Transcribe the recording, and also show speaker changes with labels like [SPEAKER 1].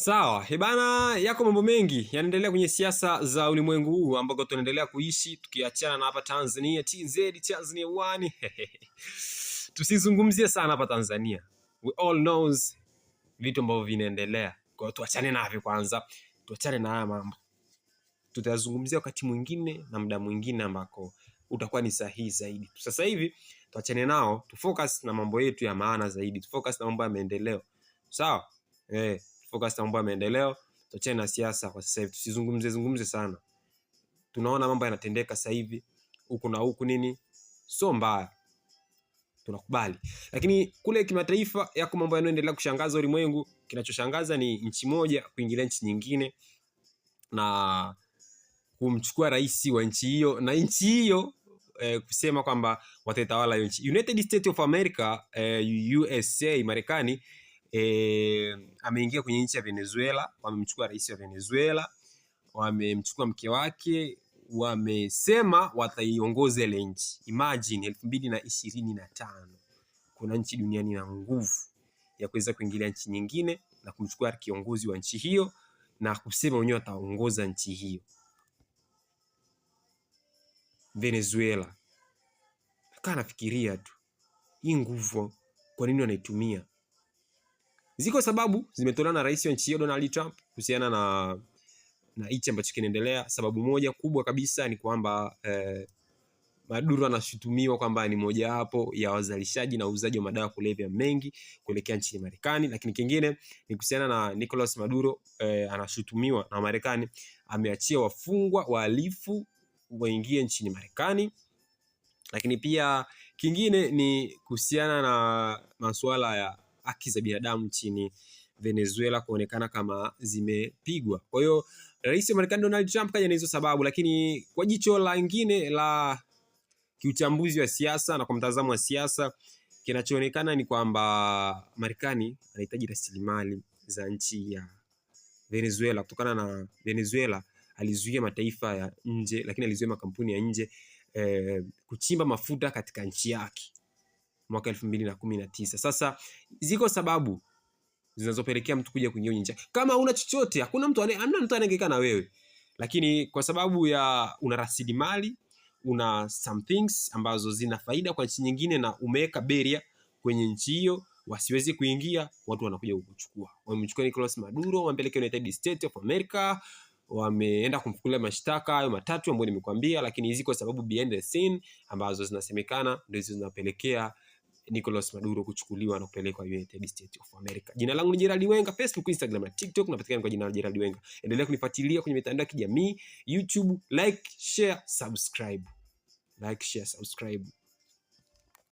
[SPEAKER 1] Sawa hebana, eh yako mambo mengi yanaendelea kwenye siasa za ulimwengu huu ambako tunaendelea kuishi, tukiachana na hapa Tanzania. TZ Tanzania wani tusizungumzie sana hapa Tanzania, we all knows vitu ambavyo vinaendelea. Kwa hiyo tuachane navyo kwanza, tuachane na haya mambo, tutazungumzia wakati mwingine na muda mwingine ambako utakuwa ni sahihi zaidi. Sasa hivi tuachane nao, tufocus na mambo yetu ya maana zaidi, tufocus na mambo ya maendeleo, sawa eh focus na mambo ya maendeleo, tuachane na siasa kwa sasa hivi, tusizungumze zungumze sana. Tunaona mambo yanatendeka sasa hivi huku na huku nini, sio mbaya, tunakubali. Lakini kule kimataifa, yako mambo yanayoendelea kushangaza ulimwengu. Kinachoshangaza ni nchi moja kuingilia nchi nyingine na kumchukua rais wa nchi hiyo na nchi hiyo eh, kusema kwamba watatawala hiyo nchi. United States of America eh, USA Marekani e, ameingia kwenye nchi ya Venezuela, wamemchukua rais wa Venezuela, wamemchukua mke wake, wamesema wataiongoza ile nchi. Imagine elfu mbili na ishirini na tano kuna nchi duniani na nguvu ya kuweza kuingilia nchi nyingine na kumchukua kiongozi wa nchi hiyo na kusema wenyewe wataongoza nchi hiyo Venezuela. Nakaa nafikiria tu hii nguvu, kwa nini wanaitumia? Ziko sababu zimetolewa na rais wa nchi hiyo Donald Trump kuhusiana na na hichi ambacho kinaendelea. Sababu moja kubwa kabisa ni kwamba eh, Maduro anashutumiwa kwamba ni mojawapo ya wazalishaji na uuzaji wa madawa kulevya mengi kuelekea nchini Marekani, lakini kingine ni kuhusiana na Nicolas Maduro eh, anashutumiwa na Marekani ameachia wafungwa wahalifu waingie nchini Marekani, lakini pia kingine ni kuhusiana na masuala ya haki za binadamu nchini Venezuela kuonekana kama zimepigwa. Kwa hiyo rais wa Marekani Donald Trump kaja na hizo sababu, lakini kwa jicho langine la kiuchambuzi wa siasa na kwa mtazamo wa siasa, kinachoonekana ni kwamba Marekani anahitaji rasilimali za nchi ya Venezuela kutokana na Venezuela alizuia mataifa ya nje, lakini alizuia makampuni ya nje eh, kuchimba mafuta katika nchi yake mwaka elfu mbili na na kumi tisa. Sasa ziko sababu zinazopelekea mtu kuja kuingia kwenye Kama una chochote, hakuna mtu ane, hamna mtu anayehangaika na wewe. Lakini kwa sababu ya una rasilimali, una some things ambazo zina faida kwa nchi nyingine na umeweka beria kwenye nchi hiyo wasiwezi kuingia, watu wanakuja kukuchukua. Wamemchukua Nicolas Maduro, wampeleke United States of America, wameenda kumfukulia mashtaka hayo matatu ambayo nimekuambia, lakini hizi kwa sababu behind the scene ambazo zinasemekana ndizo zinapelekea Nicolas Maduro kuchukuliwa na kupelekwa United States of America. Jina langu ni Gerald Wenga, Facebook, Instagram na TikTok napatikana kwa jina la Gerald Wenga. Endelea kunifuatilia kwenye mitandao ya kijamii YouTube, like, share, subscribe. Like, share, subscribe.